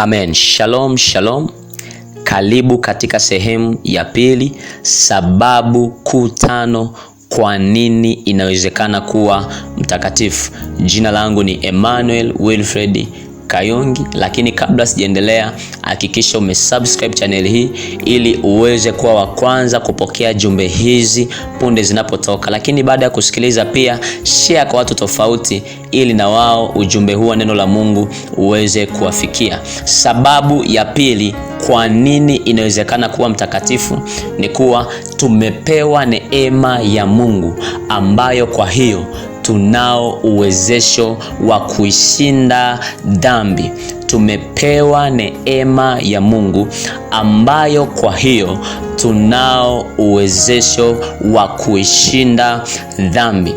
Amen. Shalom, shalom. Karibu katika sehemu ya pili, sababu kuu tano kwa nini inawezekana kuwa mtakatifu. Jina langu ni Emmanuel Wilfred Kayungi, lakini kabla sijaendelea, hakikisha umesubscribe channel hii ili uweze kuwa wa kwanza kupokea jumbe hizi punde zinapotoka. Lakini baada ya kusikiliza, pia share kwa watu tofauti, ili na wao ujumbe huu wa neno la Mungu uweze kuwafikia. Sababu ya pili kwa nini inawezekana kuwa mtakatifu ni kuwa tumepewa neema ya Mungu ambayo kwa hiyo tunao uwezesho wa kuishinda dhambi. Tumepewa neema ya Mungu ambayo kwa hiyo tunao uwezesho wa kuishinda dhambi.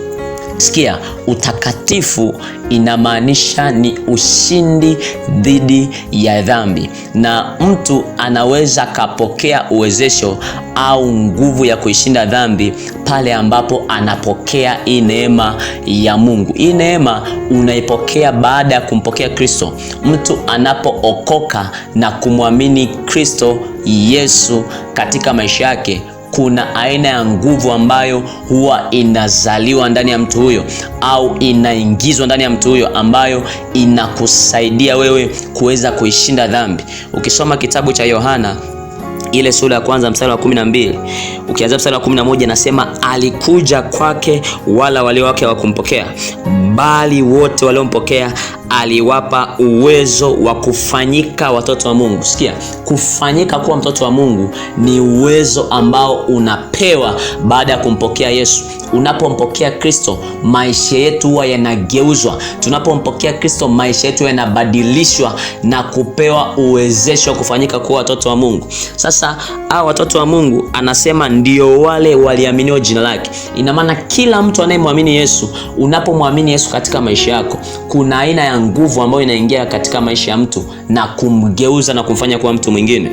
Sikia, utakatifu inamaanisha ni ushindi dhidi ya dhambi, na mtu anaweza kapokea uwezesho au nguvu ya kuishinda dhambi pale ambapo anapokea hii neema ya Mungu. Hii neema unaipokea baada ya kumpokea Kristo. Mtu anapookoka na kumwamini Kristo Yesu katika maisha yake kuna aina ya nguvu ambayo huwa inazaliwa ndani ya mtu huyo au inaingizwa ndani ya mtu huyo ambayo inakusaidia wewe kuweza kuishinda dhambi. Ukisoma kitabu cha Yohana ile sura ya kwanza mstari wa 12 ukianzia mstari wa 11, anasema alikuja kwake, wala wale wake hawakumpokea, bali wote waliompokea aliwapa uwezo wa kufanyika watoto wa Mungu. Sikia, kufanyika kuwa mtoto wa Mungu ni uwezo ambao unapewa baada ya kumpokea Yesu. Unapompokea Kristo, maisha yetu huwa yanageuzwa. Tunapompokea Kristo, maisha yetu yanabadilishwa na kupewa uwezesho wa kufanyika kuwa watoto wa Mungu. Sasa au watoto wa Mungu anasema ndio wale waliaminio jina lake. Ina maana kila mtu anayemwamini Yesu, unapomwamini Yesu katika maisha yako, kuna aina ya nguvu ambayo inaingia katika maisha ya mtu na kumgeuza na kumfanya kuwa mtu mwingine.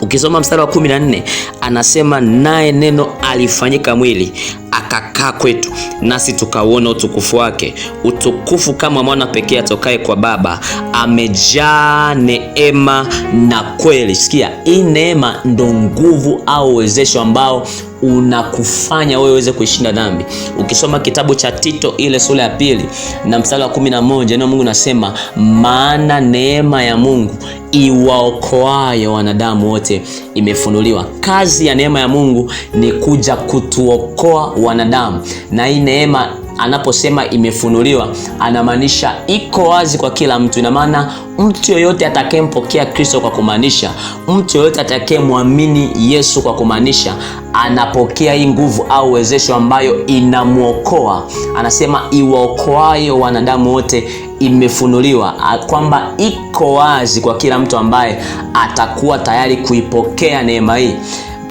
Ukisoma mstari wa 14 anasema naye neno alifanyika mwili akakaa kwetu, nasi tukauona utukufu wake, utukufu kama mwana pekee atokaye kwa Baba, amejaa neema na kweli. Sikia, hii neema ndo nguvu au uwezesho ambao unakufanya wewe uweze kuishinda dhambi. Ukisoma kitabu cha Tito ile sura ya pili na mstari wa kumi na moja neno Mungu nasema, maana neema ya Mungu iwaokoayo wanadamu wote imefunuliwa. Kazi ya neema ya Mungu ni kuja kutuokoa wanadamu, na hii neema anaposema imefunuliwa anamaanisha iko wazi kwa kila mtu. Ina maana mtu yoyote atakayempokea Kristo kwa kumaanisha, mtu yoyote atakayemwamini Yesu kwa kumaanisha, anapokea hii nguvu au uwezesho ambayo inamwokoa. Anasema iwaokoayo wanadamu wote imefunuliwa, kwamba iko wazi kwa kila mtu ambaye atakuwa tayari kuipokea neema hii.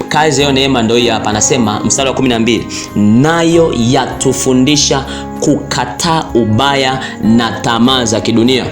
Kazi hiyo neema ndio hii hapa, anasema mstari wa 12, nayo yatufundisha kukataa ubaya na tamaa za kidunia.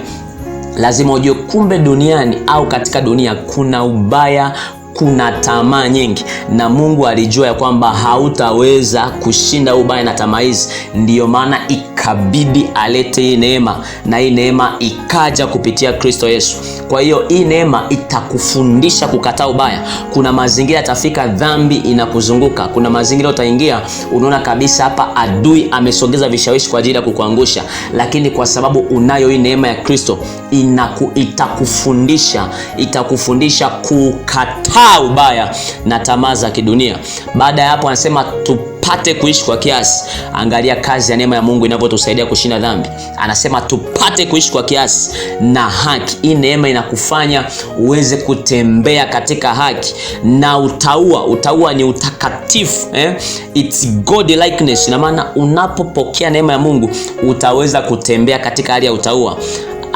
Lazima ujue kumbe duniani au katika dunia kuna ubaya, kuna tamaa nyingi, na Mungu alijua ya kwamba hautaweza kushinda ubaya na tamaa hizi, ndiyo maana ikabidi alete hii neema, na hii neema ikaja kupitia Kristo Yesu. Kwa hiyo hii neema itakufundisha kukataa ubaya. Kuna mazingira yatafika, dhambi inakuzunguka, kuna mazingira utaingia, unaona kabisa hapa adui amesogeza vishawishi kwa ajili ya kukuangusha, lakini kwa sababu unayo hii neema ya Kristo inaku, itakufundisha itakufundisha kukataa kukataa ubaya na tamaa za kidunia. Baada ya hapo, anasema tupate kuishi kwa kiasi. Angalia kazi ya neema ya Mungu inavyotusaidia kushinda dhambi. Anasema tupate kuishi kwa kiasi na haki. Hii neema inakufanya uweze kutembea katika haki na utaua. Utaua ni utakatifu eh? It's God likeness. Ina maana unapopokea neema ya Mungu utaweza kutembea katika hali ya utaua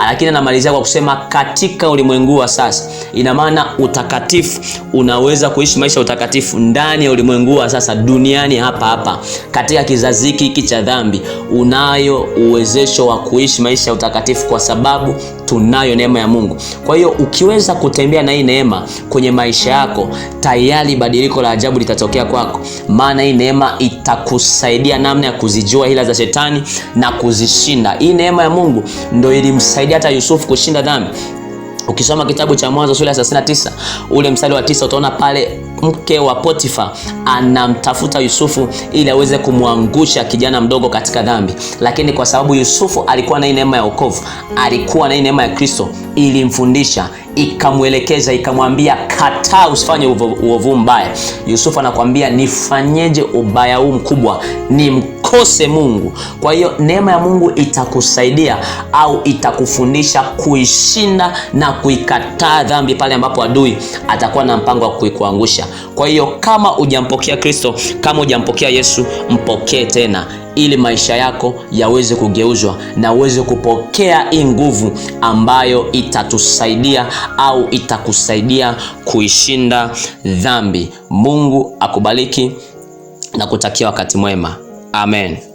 lakini anamalizia kwa kusema katika ulimwengu wa sasa. Ina maana utakatifu, unaweza kuishi maisha ya utakatifu ndani ya ulimwengu wa sasa, duniani hapa hapa, katika kizazi hiki hiki cha dhambi, unayo uwezesho wa kuishi maisha ya utakatifu kwa sababu tunayo neema ya Mungu. Kwa hiyo ukiweza kutembea na hii neema kwenye maisha yako, tayari badiliko la ajabu litatokea kwako, maana hii neema itakusaidia namna ya kuzijua hila za shetani na kuzishinda. Hii neema ya Mungu ndio ilimsaidia hata Yusufu kushinda dhambi. Ukisoma kitabu cha Mwanzo sura ya 39 ule mstari wa tisa utaona pale mke wa Potifa anamtafuta Yusufu ili aweze kumwangusha kijana mdogo katika dhambi, lakini kwa sababu Yusufu alikuwa na neema ya wokovu, alikuwa na neema ya Kristo, ilimfundisha ikamwelekeza, ikamwambia kataa, usifanye uovu mbaya. Yusufu anakuambia nifanyeje ubaya huu mkubwa ni usikose Mungu. Kwa hiyo neema ya Mungu itakusaidia au itakufundisha kuishinda na kuikataa dhambi pale ambapo adui atakuwa na mpango wa kuikuangusha. Kwa hiyo kama hujampokea Kristo, kama hujampokea Yesu, mpokee tena ili maisha yako yaweze kugeuzwa na uweze kupokea hii nguvu ambayo itatusaidia au itakusaidia kuishinda dhambi. Mungu akubariki na kutakia wakati mwema. Amen.